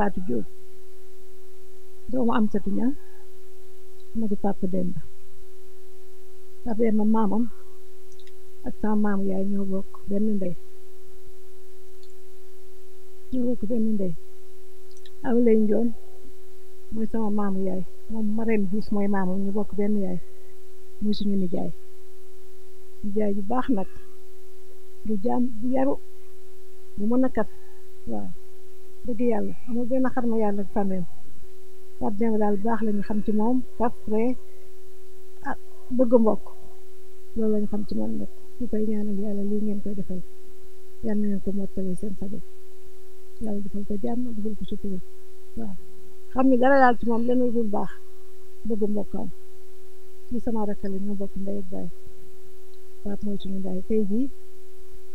Fatou Diouf doomu am satu ña ma di Papa Demba Papa Demba maamam ak sama maam yaay ñoo bokk benn ndey ñoo bokk benn ndey aw njoon mooy sama maamu yaay moom Marème Diouf mooy maamam ñu bokk benn yaay muy suñu nijaay nijaay bu baax nag du jaam bu yaru bu mën a kat waaw dëgg yàlla amul benn xarma yàlla ak fàmmeem Pape Demba daal baax la ñu xam ci moom kaf ree ah, bëgg mbokk loolu la ñu xam ci moom nag ñu koy ñaanal yàlla lii ngeen koy defal yal na ngeen ko mottali seen sago yàlla xam ni dara daal ci baax bëgg mbokkam li sama rakkale ñoo bokk ndey ak baay moo mooy suñu ndaay tey jii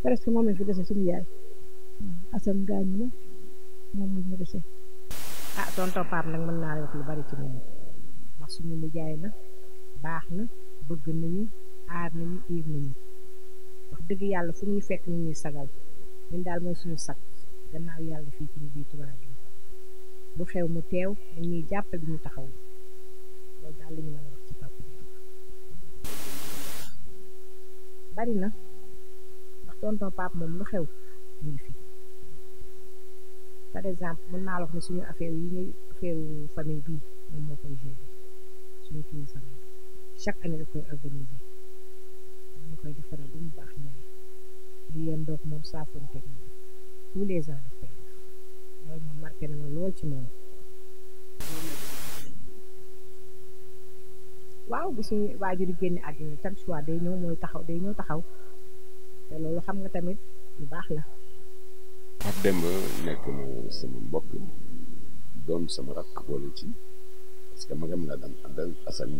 presque moom lañ fi dese suñu gaañu moom mu ñu ah tonton Pape nag mën naa la wax lu bari ci moom ndax suñu nijaay la baax na bëgg nañu aar nañu iir nañu wax dëgg yàlla fu ñuy fekk ñu ñuy sagal ñun daal mooy suñu sag gannaaw yàlla fii ci biir tubaab yi lu xew mu teew dañuy jàppale ñu taxaw loolu ñu mën bari na ndax tonton Pape moom lu xew mu fi par exemple mën naa la wax suñu affaire yi ñuy affaire famille bii moom moo koy gérer suñu turu famille chaque année daf koy organiser dañu koy defaral ba mu baax les ans daf na ma lool ci moom. waaw bu suñu waajur yi génne àddina chaque fois day ñëw mooy taxaw day ñëw taxaw te loolu xam nga tamit lu baax la. Pape Demba nekk na sama mbokk doon sama rakk boole ci parce que magam laa daan àndal Assane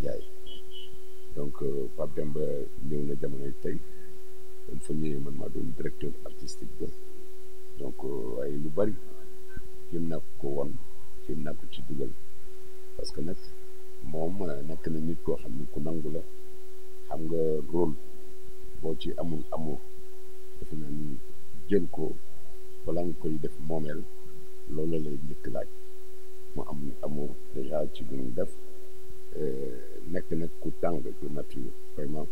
donc euh, Pape Demba ñëw na jamonoy tey fa man maa doon directeur artistique ba donc euh, waaye lu bari jëm naa ko won jëm naa ko ci dugal parce que nag moom euh, nekk na nit koo xam ne ku nangu la xam nga rôle boo ci amul amoo dafa naa ko balaa nga koy def moomeel loolu lay njëkk laaj mu am amour déjà ci lu ñu def euh, nekk nag ku tàng de nature vraiment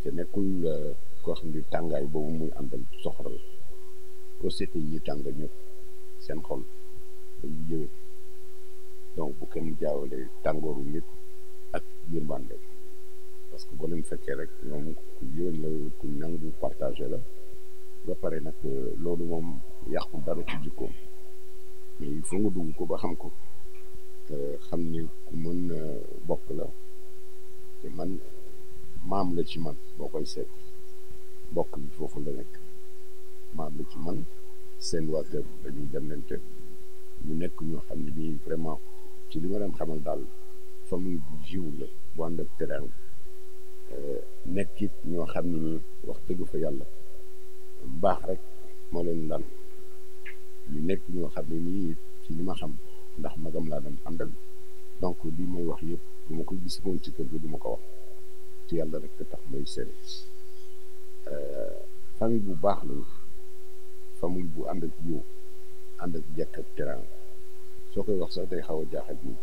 te nekkul euh, koo xam ne tàngaay boobu muy àndal soxor la société yi tàng ñëpp seen xol dañuy yëwét donc bu kenn jaawale tàngooru nit ak yërmande parce que boo leen fekkee rek ñoom ku yëwén la ku nangu partagé la pare nag euh, loolu moom yàqu dara ci jikkoom mais il faut nga dugg ko ba xam ko euh, xam ni ku mën euh, bokk la te man maam la ci man boo koy seet bokk bi foofu la nekk maam la ci man seen waa kër dañuy demlante ñu nekk ñoo xam ne nii vraiment ci li ma leen xamal daal famille bu jiw la bu ànd ak teraanga nekk it ñoo xam ne nii wax dëgg fa yàlla baax rek moo leen daan ñu nekk ñoo xam ne nii ci li ma xam ndax magam laa doon àndal donc li may wax yépp bu ma ko gis moom ci kër gi du ko wax ci yàlla rek tax may seere euh, famille bu baax la famille bu ànd ak yow ànd jekk ak teraanga soo koy wax sax day xaw a jaaxal nit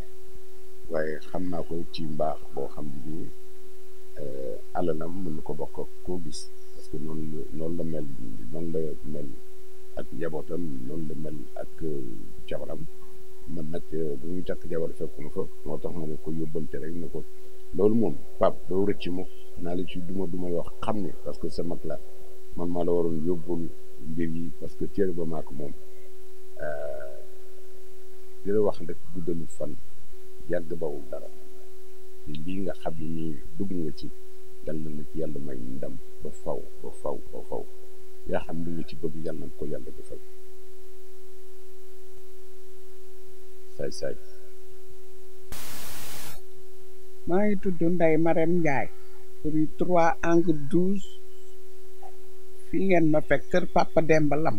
waaye xam naa ko ci mbaax boo xam ne nii euh, alalam mën ko bokk njabootam noonu la mel ak euh, jabaram man nag euh, bu ñuy takk jabar fekkuma fa moo tax ma ne ko yóbbante rek ne ko loolu moom pap doo rëcc ma naa la ci duma duma wax xam ne parce que sa mag la man maa la waroon yóbbul mbir yi parce que téere ba maak moom euh, di la wax rek guddalu fan yàgg bawul dara te lii nga xam ne nii dugg nga ci dal na ci yàlla may ndam ba faw ba faw ba faw yaa xam li nga ci bëgg yàlla na ko yàlla defal saay maa ngi tudd Ndey Marème Ndiaye rue trois angle douze fii ngeen ma fekk kër Papa Demba Lam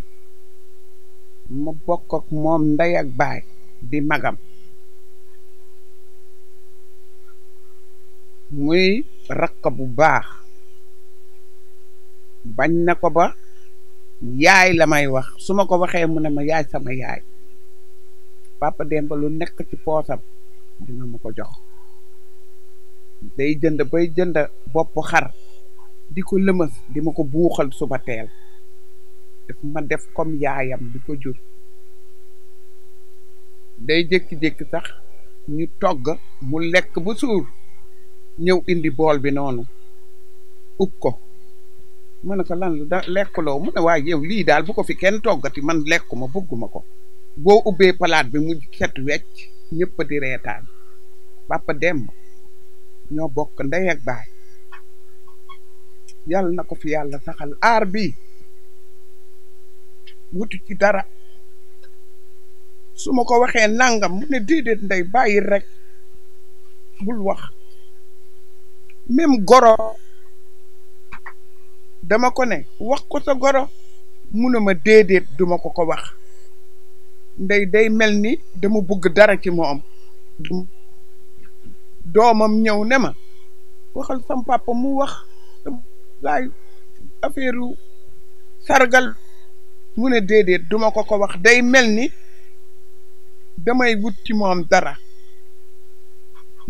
ma bokk ak moom ndey ak baay di magam muy rakk bu baax bañ na ko ba yaay la may wax su ma ko waxee mu ne ma yaay sama yaay papa Demba lu nekk ci poosam dina ma ko jox day jënd bay jënd boppu xar di ko lëmas di ma ko buuxal suba teel daf ma def comme yaayam di ko jur day jékki-jékki sax ñu togg mu lekk ba suur ñëw indi bool bi noonu ub ko ma ne ko lan la lekkuloo mu ne waaye yow lii daal bu ko fi kenn toggati man lekkuma bëgguma ko boo ubbee palaat bi mu set wecc ñëpp di reetaan Papa Demba ñoo bokk ndey ak baay yàlla na ko fi yàlla saxal aar bi wutu ci dara su ma ko waxee nangam mu ne déedéet ndey bàyyi rek bul wax même goro dama ko ne wax ko sa goro mu ne ma déedéet duma ko ko wax ndey day mel ni dama bugg dara ci moom doomam ñëw ne ma waxal sam mu wax laay affaire sargal mu ne déedéet duma ko ko wax day mel ni damay wut ci moom dara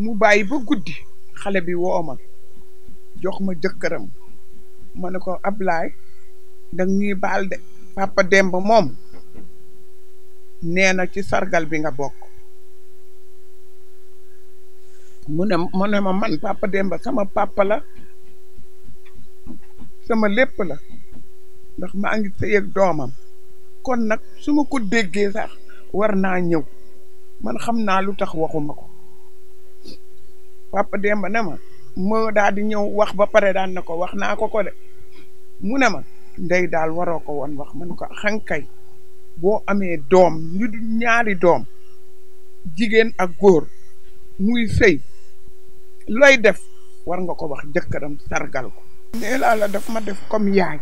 mu bàyyi ba guddi xale bi woo jox ma jëkkëram ma ne ko Ablaay dang ñuy baal de papa Demba moom nee na ci sargal bi nga bokk mu ne mu ne ma man papa Demba sama papa la sama lépp la ndax maa ngi sëy ak doomam kon nag su ma ko déggee sax war naa ñëw man xam naa lu tax waxuma ko papa Demba ne ma moo daal ñëw wax ba pare daan na ko wax naa ko ko de mu ne ma ndey daal waroo ko woon wax man ko xankay boo amee doom ñu ñaari doom jigéen ak góor muy séy looy def war nga ko wax jëkkëram sargal ko nee laa la daf ma def comme yaay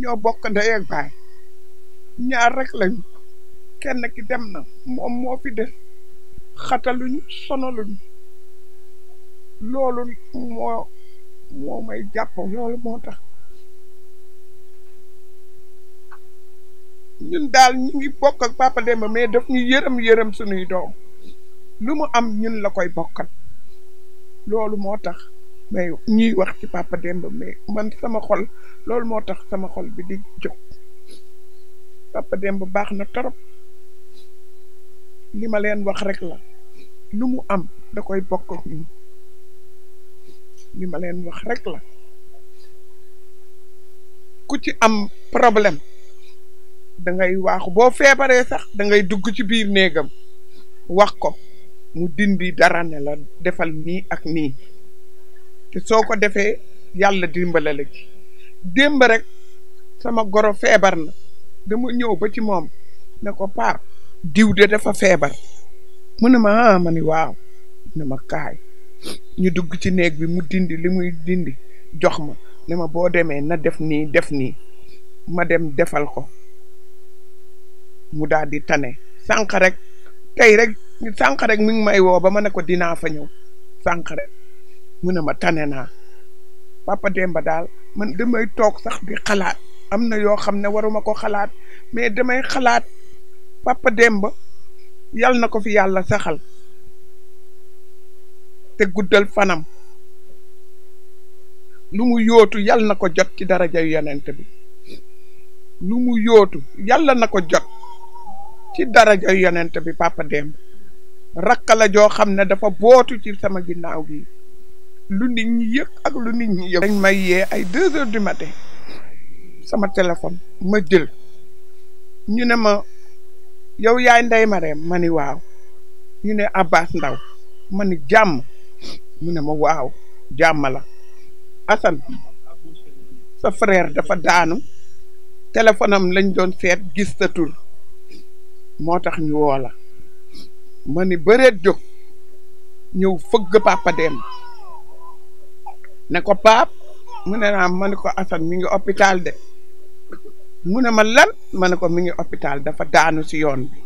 ñoo bokk ndey ak baay ñaar rek lañu kenn ki dem na moom moo fi des xataluñ sonaluñ loolu moo moo may jàpp loolu moo tax ñun daal ñu ngi bokk ak papa Demba mais def ñu yërëm yërëm suñuy doom lu mu am ñun la koy bokkal loolu moo tax mais ñuy wax ci papa Demba mais man sama xol loolu moo tax sama xol bi di jóg papa Demba baax na torop li ma leen wax rek la lu mu am da koy bokk ak ñun li ma leen wax rekk la ku ci am problème dangay waaxu boo feebaree sax dangay dugg ci biir néegam wax ko mu dindi dara ne la defal nii ak nii te soo ko defee yàlla dimbale la ci démb rek sama goro feebar na dama ñëw ba ci moom ne ko paar diw de dafa feebar mu ne ma ah ma ni waaw mu ne ma kaay ñu dugg ci néeg bi mu dindi li muy dindi jox ma ne ma boo demee na def nii def nii ma dem defal ko mu daal tane sànq rek tey rek sànq rek mi may woo ba ma ne ko dinaa fa ñëw sànq mu ne ma tane naa Papa Demba daal man damay toog sax di xalaat am na yoo xam ne waruma ko xalaat mais damay xalaat papa Demba yal na ko fi yàlla saxal te guddal fanam lu mu yootu yal na ko jot ci daraja yonent bi lu mu yootu yàlla na ko jot ci dara daraja yonent bi papa Demba rakka joo xam ne dafa bootu ci sama ginnaaw gi lu nit ñi yëg lu nit ñi yëg dañ may yee ay deux heures du matin sama téléphone ma jël ñu ne ma yow yaay Ndeye Marème ma ni waaw ñu ne Abbas Ndaw mani ni jàmm mu ne ma waaw jàmm la Assane sa frère dafa daanu téléphone am lañ doon seet gis moo tax ñu woo la ma ni bëreet jóg ñëw fëgg papa dem ne ko paap mu ne naa ma ni ko Assane mi ngi hôpital de mu ne ma lan ma ne ko mi ngi hôpital dafa daanu ci yoon bi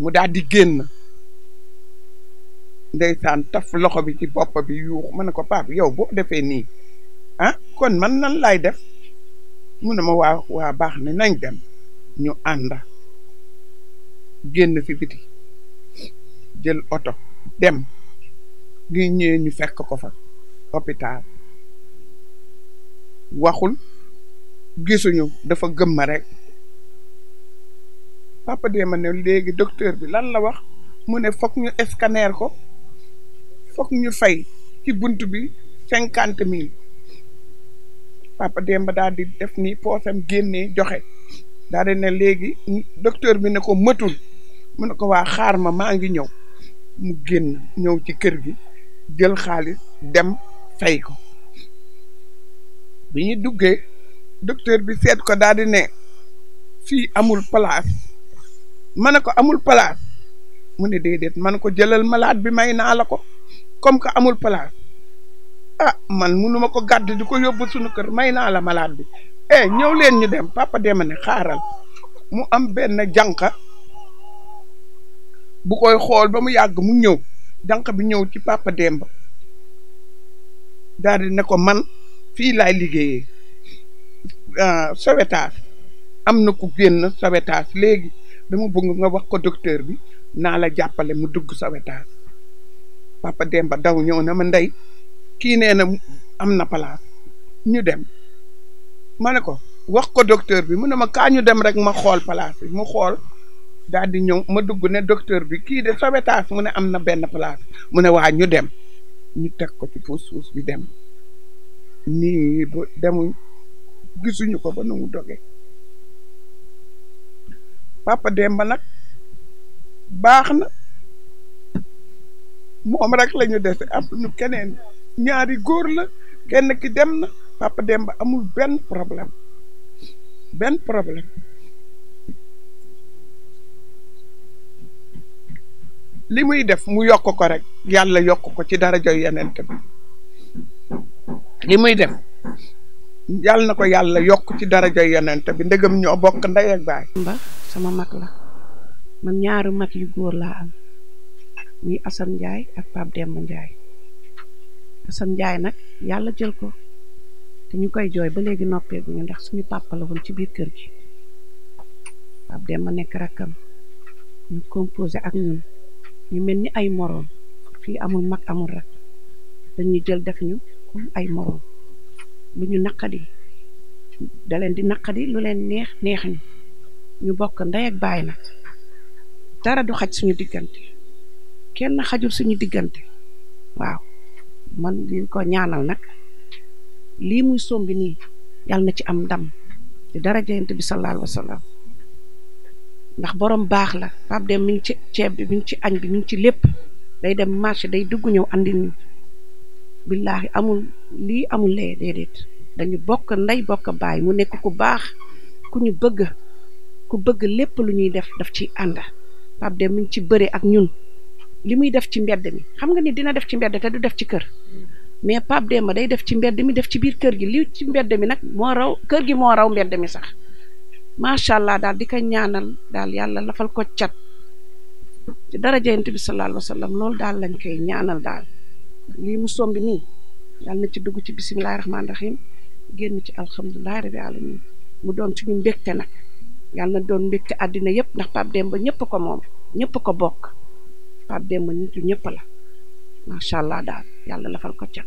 mu daal di génn ndeysaan taf loxo bi ci bopp bi yuux ma ne ko pap yow boo defee nii ah kon man nan laay def mu ne ma waa waa baax ne nañ dem ñu ànd génn fi biti jël oto dem ngi ñëwee ñu fekk ko fa hôpital waxul gisuñu dafa gëmma ma rek papa dee ne léegi docteur bi lan la wax mu ne foog ñu scanner ko foog ñu fay ci bunt bi cinquante mille papa Demba daal di def ni poosam génnee joxe daal di ne léegi docteur bi ne ko mëtul mu ne ko waa xaar ma maa ngi ñëw mu génn ñëw ci kër gi jël xaalis dem fay ko bi duggee docteur bi seet ko daal di ne fii amul place ma ne ko amul place mu ne déedéet man ko jëlal malaat bi may naa la ko comme que amul place ah man munuma ko gàdd di ko yóbbu suñu kër may naa la malaat bi eh ñëw leen ñu dem papa dema ne xaaral mu am benn jànqa bu koy xool ba mu yàgg mu ñëw jànq bi ñëw ci papa Demba daal ne ko man fii laay liggéeyee Euh, sauvetage am na ku génn sauvetage léegi dama bugg nga wax ko docteur bi naa la jàppale mu dugg sauvetage papa Demba daw ñëw na ma ndey kii nee na am na place ñu dem ma ne ko wax ko docteur bi mu ne ma kaa ñu dem rek ma xool place bi mu xool daal ñëw ma dugg ne docteur bi kii de sauvetage mu ne am na benn place mu ne waa ñu dem ñu teg ko ci pousse pousse bi dem nii ba demuñ gisuñu ko ba nu mu doge Demba nag baax na moom rek lañu ñu dese am ñu keneen ñaari góor la kenn ki dem na papa Demba amul benn problème benn problème li muy def mu yokk ko rekk yàlla yokk ko ci dara joy yeneen bi li muy def yàlla na ko yàlla yokk ci daraja yonent bi ndegam ñoo bokk ndey ak baay. ba sama mag la man ñaari mag yu góor laa am muy Assane Ndiaye ak Pape Demba Ndiaye Assane Ndiaye nag yàlla jël ko te ñu koy jooy ba léegi noppee bu ñu ndax suñu papa la woon ci biir kër gi Pape Demba nekk rakkam ñu composé ak ñun ñu mel ni ay moroom fii amul mag amul rak dañuy jël def ñu comme ay moroom. lu ñu naqadi da leen di naqadi lu leen neex neex ñu ñu bokk ndey ak baay nag dara du xaj suñu diggante kenn xajul suñu diggante waaw man li ko ñaanal nag lii muy sombi nii yàlla na ci am ndam te dara jayante bi sallallahu alayhi wa sallam ndax boroom baax la Pape Dem mi ngi ci ceeb bi mi ngi ci añ bi mi ngi ci lépp day dem marché day dugg ñëw andi billaahi amul lii amul lee déedéet dañu bokk ndey bokk baay mu nekk ku baax ku ñu bëgg ku bëgg lépp lu ñuy def daf ci ànd Pape Demba mu ci bëre ak ñun li muy def ci mbedd mi xam nga ni dina def ci mbedd te du def ci kër mais Pape Demba day def ci mbedd mi def ci biir kër gi li ci mbedd mi nag moo raw kër gi moo raw mbedd mi sax macha allah daal di ko ñaanal daal yàlla lafal ko cat ci darajent bi sallallahu alayhi loolu daal lañ koy ñaanal daal lii mu sombi nii yàlla na ci dugg ci bisimilahi rahmaani rahim génn ci alhamdulilahi rabi alamin mu doon suñu mbégte nag yàlla na doon mbégte àddina yëpp ndax Pape Demba ñëpp ko moom ñëpp ko bokk Pape Demba nit yu ñëpp la macha allah daal yàlla lafal ko cat.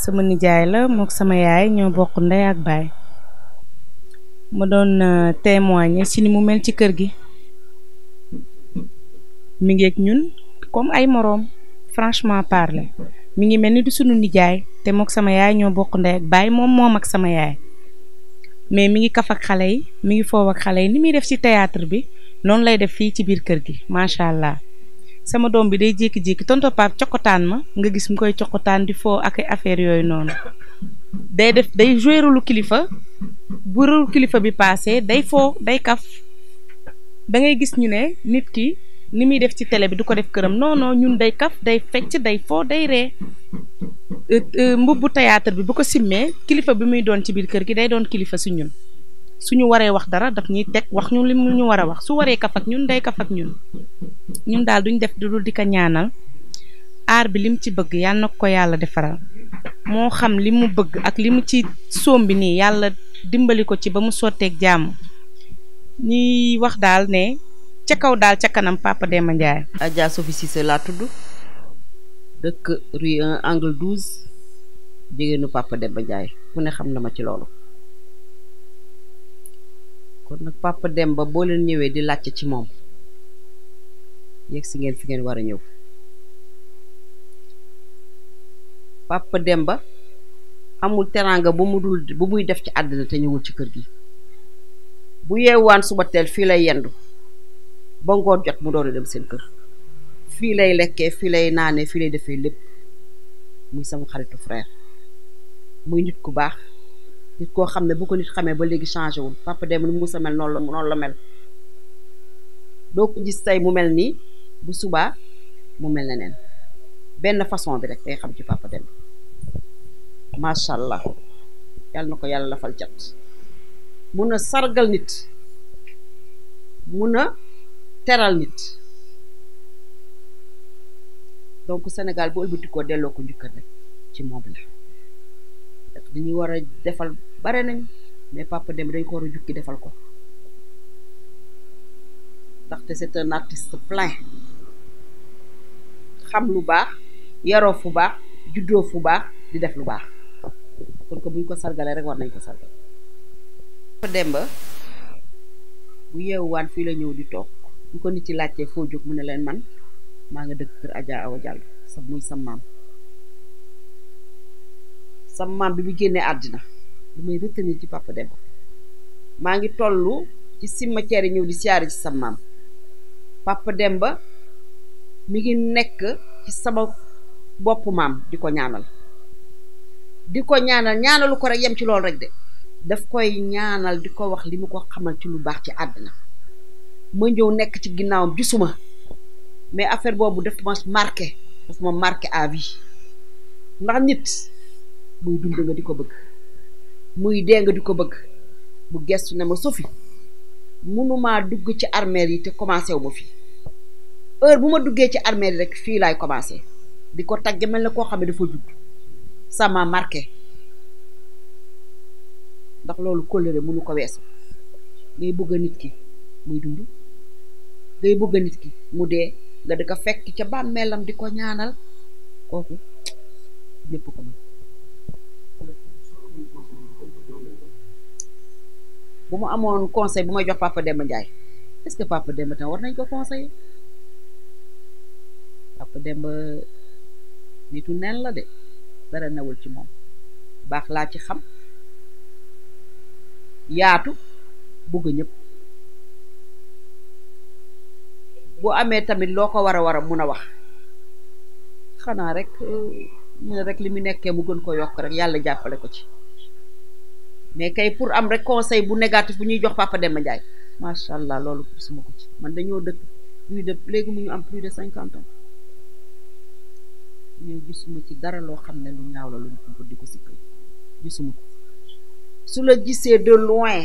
sama nijaay la mook sama yaay ñoo bokk ndey ak baay ma doon euh, témoigner ci ni mu mel ci kër gi mi ngeeg ñun comme ay moroom. franchement parler mu ngi mel ni du suñu nijaay te mook sama yaay ñoo bokk ndey ak baay moom moom ak sama yaay mais mi ngi kaf ak xale yi mi ngi foow ak xale yi ni muy def ci théâtre bi noonu lay def fii ci biir kër gi macha allah sama doom bi day jékki-jékki tonton Pape cokkotaan ma nga gis mu koy cokkotaan di foo ak affaire yooyu noonu day def day joué kilifa bu kilifa bi passé day foo day kaf da gis ñu ne nit ki. ni muy def ci tele bi du ko def këram noonoo ñun day kaf day fecc day foo day ree euh, euh, mbubbu théâtre bi bu ko simmee kilifa bi muy doon ci biir kër gi day doon kilifa si ñun su ñu waree wax dara daf ñuy teg wax ñu li ñu war a wax su waree kaf ak ñun day kaf ak ñun ñun daal duñ def dudul di ko ñaanal aar bi li mu ci bëgg yàlla na ko yàlla defaral moo xam li mu bëgg ak li mu ci soom bi nii yàlla dimbali ko ci ba mu sotteek jàmm ñuy wax daal ne ca kaw daal ca kanam Papa Demba Ndiaye. Adja Sophie Cissé laa tudd dëkk rue 1 angle 12 jigéenu Papa ba Ndiaye ku ne xam na ma ci loolu kon nag Papa Demba boo leen ñëwee di laajte ci moom yegg si ngeen fi ngeen war a ñëw dem ba amul teraanga bu mu dul bu muy def ci àddina te ñëwul ci kër gi bu yeewaan suba teel fii lay yendu. ba ngoon jot mu doon dem seen kër fii lay lekkee fii lay naanee fii lay defee lépp muy sama xaritu frère muy nit ku baax nit koo xam ne bu ko nit xamee ba léegi changé wul papa dem mu musa mel noonu la noonu la mel doo ko gis say mu mel nii bu subaa mu mel ne neen benn façon bi rek day xam ci papa dem macha allah yàlla na ko yàlla lafal cat mun a sargal nit mun a teral nit donc Sénégal bu koo delloo ko njukkal rek ci moom la dañuy war a defal bare nañ mais Papa Demba dañ ko war a jukki defal ko ndaxte c'est un artiste plein xam lu baax yaroo fu baax juddoo baax di def lu baax pour ko buñ ko sargalee rek war nañ ko sargal Papa Demba bu yeewuwaan fii la ñëw di toog bu ko ci laajtee foo jóg mu ne leen man maa nga dëkk kër Adja Awa sa muy sa maam sa maam bi génnee àddina lu may retenir ci papa Demba maa ngi tollu ci cimetière yi ñëw di maam papa Demba mi ngi nekk ci sama bopp maam di ko ñaanal di ko ñaanal ñaanalu ko rek yem ci loolu rek de daf koy ñaanal di ko wax li mu ko xamal ci lu baax ci àddina ma ñëw nekk ci ginnaawam gisuma mais affaire boobu daf ma marqué daf ma marqué à vie ndax nit muy dund nga di ko bëgg muy dee nga di ko bëgg mu gestu ne ma Sophie mënumaa dugg ci armeel yi te commencé wu ma fi heure bu ma duggee ci armeel yi rek fii laay commencé di ko tagge mel na koo xam ne dafa judd ça m'a ndax loolu kóllëre mënu ko weesu ngay bëgg nit ki muy dund day bëgg nit ki mu dee nga di ko fekk ca bàmmeelam di ko ñaanal kooku ñëpp ko mën bu mu amoon conseil bu may jox Papa demb Ndiaye est que Papa Demba tam war nañ ko conseiller Papa Demba nitu neen la de dara newul ci moom baax laa ci xam yaatu bëgg ñépp bu amee tamit loo ko war a war a mun a wax xanaa rek euh, mu ne rek li mu nekkee mu gën ko yokk rek yàlla jàppale ko ci mais kay pour am rek conseil bu négatif bu ñuy jox Papa Demba Ndiaye macha allah loolu suma ko ci man dañoo dëkk plus de léegi mu am plus de cinquante ans mais ci dara loo xam ne lu ñaaw la lu ñu ko di ko si gisuma ko su la gisee de loin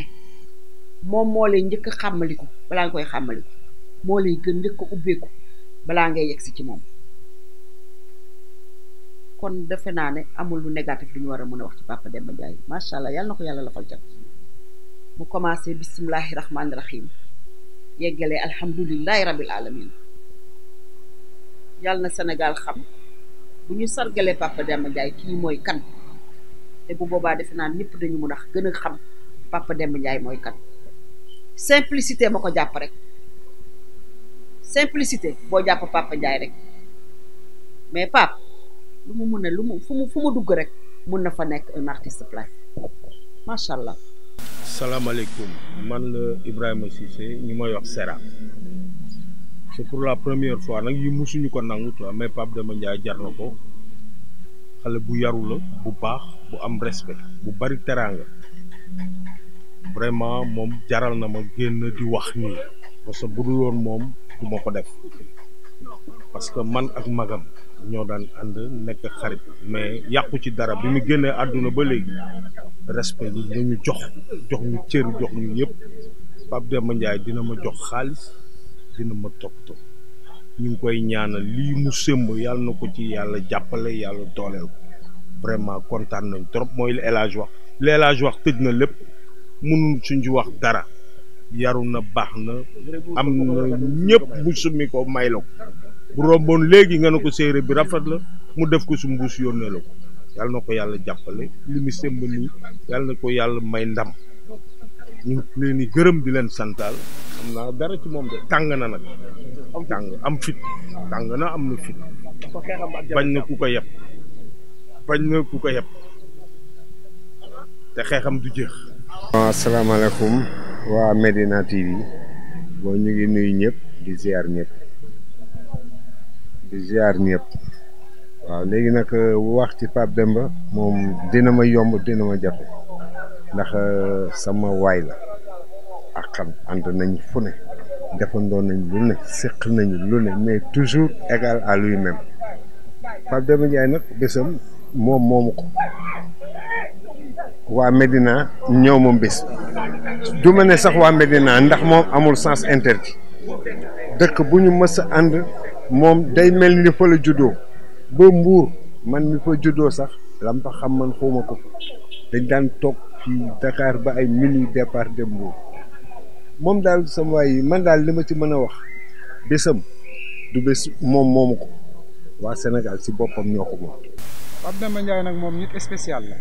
moom moo lay njëkk ko balaa nga koy xàmmaliku moo lay gën njëkk ko ubbeeku balaa ngay yegg si ci moom kon defe naa ne amul lu négatif lu ñu war a mën a wax ci Papa Demba Ndiaye macha allah yàlla na ko yàlla lafal jàpp mu commencé bisimilahi rahmaani rahim yeggale alhamdulilahi rabil alamin yàlla na senegal xam bu ñu sargalee Papa Demba Ndiaye kii mooy kan te bu boobaa defe naa ñëpp dañu mun a gën a xam Papa Demba Ndiaye mooy kan simplicité ma ko jàpp rek. simplicité boo jàpp Papa Ndiaye rek mais Pape lu mu mun a lu mu dugg rek mun na fa nekk un artiste plein macha allah. salaamaaleykum man la Ibrahima Cissé ñi may wax Sera c'est pour la première fois nag yi musuñu ko nangu quoi mais Pape Demba Ndiaye jar na ko xale bu yarula bu baax bu am respect bu bari teraanga vraiment moom jaral na ma génn di wax nii parce que bu dul woon moom. moo ko def parce que man ak magam ñoo daan ànd nekk xarit mais yàqu ci dara bi mu génnee àdduna ba léegi respect bi jox jox ñu cër jox ñu yëpp Pape Demba Ndiaye dina ma jox xaalis dina ma toppatoo ñu ngi koy ñaanal lii mu sëmb yàlla na ko ci yàlla jàppale yàlla tooleel ko vraiment kontaan nañ trop mooy li El wax li El wax tëj na lépp mënul suñ ci wax dara. yaru na baax na am na ñëpp bu summi ko may la bu romboon léegi nga ne ko séeréer bi rafet la mu def ko su mbuus yónnee la ko yàlla na ko yàlla jàppale li mu sëmb nii yàlla na ko yàlla may ndam ñu leen di gërëm di leen santaal xam tàng na nag tàng am fit tàng na am na fit bañ na ku ko yeb bañ na ku ko yeb te xeexam du jeex. asalaamaaleykum. waa Medina TV boo ñu ngi nuyu ñëpp di ziar ñëpp di ziar ñëpp waaw léegi nag euh, wax ci Pape Demba moom dina ma yomb dina ma jafe ndax euh, sama waay la ak xam nañ fu ne defandoon nañ lu ne séq nañu lu ne mais toujours égal à lui-même Pape Demba Ndiaye nag bésam moom moomu ko waa Médina ñëw moom bés du ma ne sax waa Médina ndax moom amul sens interdit dëkk bu ñu mësa ànd moom day mel ni fa la juddoo ba mbuur man mi fa juddoo sax lam fa xam man xawma ko dañ daan toog fii Dakar ba ay minuit départ dem mbuur moom daal sama waay yi man daal li ma ci mën a wax bésam du bés moom moomu ko waa Sénégal si boppam ñoo ko moom Pape Demba Ndiaye nag moom nit spécial la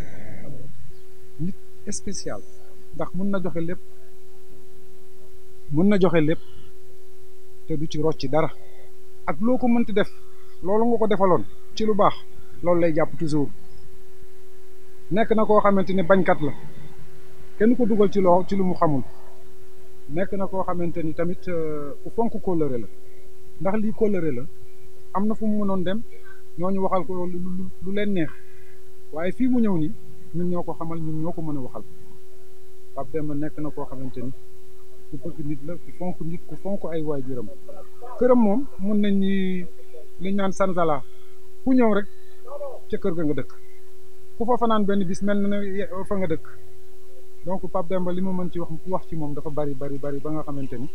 spécial ndax mun na joxe lépp mun na joxe lépp te du ci rocci dara ak loo ko mënti def loolu nga ko defaloon ci lu baax loolu lay jàpp toujours nekk na koo xamante ni bañkat la kenn ko dugal ci loo ci lu mu xamul nekk na koo xamante ni tamit euh, ku fonk kóllëre la ndax lii kóllëre la am na fu mu mënoon dem ñooñu waxal ko lu leen neex waaye fii mu ñëw nii ñun ñoo ko xamal ñun ñoo ko mën a waxal Pape Demba nekk na koo xamante ni ku bëgg nit la ku fonk nit ku fonk ay waay jërëm këram moom mun nañ ni li ñaan sanzala ku ñëw rek ca kër ga nga dëkk ku fa fanaan benn bis mel na fa nga dëkk donc Pape Demba li ma mën ci wax wax ci moom dafa bari bari bari ba nga xamante ni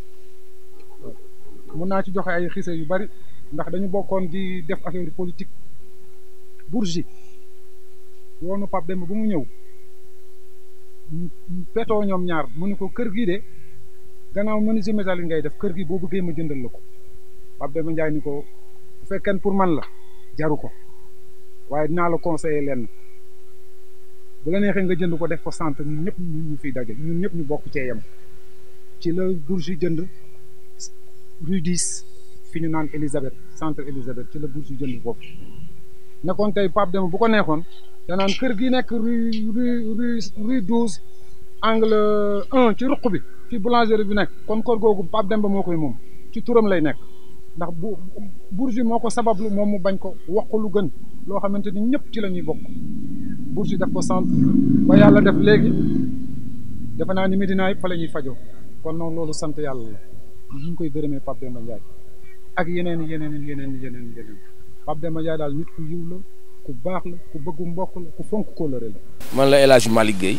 mun naa ci joxe ay xise yu bari ndax dañu bokkoon di def affaire politique bourgie woonu Pape Demba bu mu ñëw petoo ñoom ñaar mu ne ko kër gi de gannaaw menuisier métallique ngay def kër gi boobu bëggee ma jëndal la ko Pape Demba Ndiaye ni ko bu fekkee ne pour man la jaru ko waaye dinaa la conseiller leen bu la neexee nga jënd ko def ko sant ñun ñëpp ñu fiy daja ñun ñëpp ñu bokk cee yem ci la bourge jënd rue 10 fi ñu naan Élisabeth centre Élisabeth ci la bourge jënd foofu nekkoon tey Pape Demba bu ko neexoon danaan kër gi nekk rue rue rue douze angle un ci ruq bi fi boulangerie bi nekk kon kër googu Pape Demba moo koy moom ci turam lay nekk ndax bu bourge moo ko sabablu moom mu bañ ko wax ko lu gën loo xamante ni ñëpp ci lañuy ñuy bokk bourge daf ko sant ba yàlla def léegi defe naa ni Medina yëpp fa la ñuy fajoo kon noonu loolu sant yàlla la ñu koy gërëmee Pape Demba ak yeneen yeneen yeneen yeneen yeneen Pape Demba Ndiaye daal nit ku yiw la ku baax la ku bëggu mbokk la ku fonk kóllëre la. man la El Hadj liggéey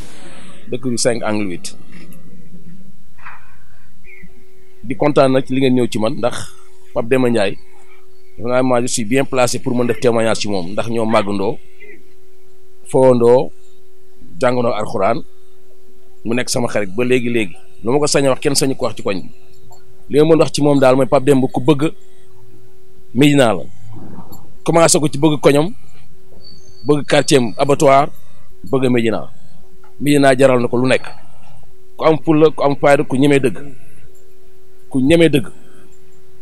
dëkk yu 5 angle di kontaan nag ci li ngeen ñëw ci man ndax Pape Demba Ndiaye def naa ma je suis bien placé pour mën def témoignage ci moom ndax ñoo màggandoo fowandoo jàngandoo alxuraan mu nekk sama xarit ba léegi léegi lu ma ko sañ a wax kenn sañu ko wax ci koñ bi li ma mën wax ci moom daal mooy Pape Demba ku bëgg Médina la commencé ko ci bëgg koñam. bëgg quartier am abattoir bëgg Médina Médina jaral na ko lu nekk ku am fulla ku am fayda ku ñemee dëgg ku ñemee dëgg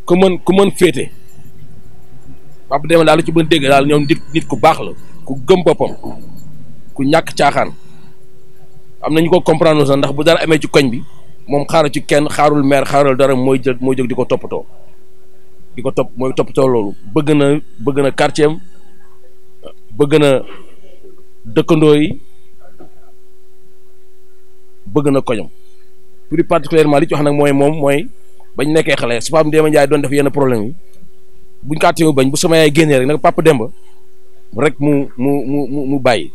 ku mën ku mën féete Papa Demba daal ci mën dégg daal ñoom nit ku baax la ku gëm boppam ku ñàkk caaxaan am nañu ko comprendre sax ndax bu dara amee ci koñ bi moom xaar ci kenn xaarul meer xaarul dara mooy jël mooy jóg di ko toppatoo di ko topp mooy toppatoo loolu bëgg na bëgg bëgg na dëkkandoo yi bëgg na koñom plus particulièrement li ci wax nag mooy moom mooy bañ nekkee xale su Pape Demba Ndiaye doon def yenn problème yi buñ ko àttee bañ bu sama yaay génnee rek nag Pape Demba rek mu mu mu mu bàyyi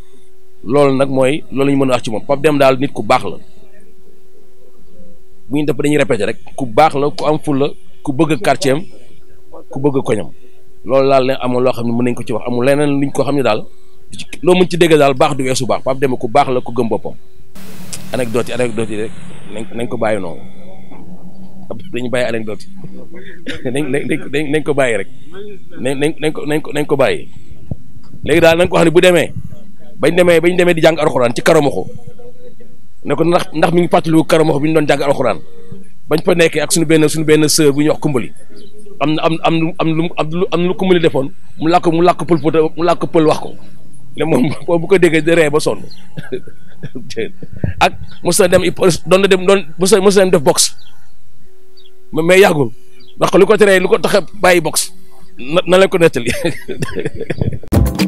loolu nag mooy loolu la mën a ax ci moom Pape Demba daal nit ku baax la bu ñu def dañuy répété rek ku baax la ku am ful la ku bëgg quartier ku bëgg koñam. loolu laal leen amoon loo xam ne mun nañ ko ci wax amul leneen luñ ko xam ne daal loo mën ci dégg daal baax du weesu baax Pape Demba ku baax la ku gëm boppam. anecdote yi anecdote yi rek nañ nañ ko bàyyi noonu dañu bàyyi anecdote yi nañ nañ nañ ko bàyyi rek nañ nañ ko nañ ko nañ ko bàyyi léegi daal nañ ko xam ne bu demee bañ demee bañ demee di jàng alxuraan ci karamoxo ne ko ndax ndax mi ngi fàttaliku karamoxo bi ñu doon jàng alxuraan bañ fa nekkee ak suñu benn suñu benn sœur bu ñuy wax kumbali am na am am am lu am lu ko mën a defoon mu làkk mu làkk pël mu làkk pël wax ko ne moom bu ko déggee di ree ba sonn ak mos na dem doon na dem doon mos na mos na dem def box mais yàggul ndax lu ko teree lu ko tax bàyyi box na na leen ko nettali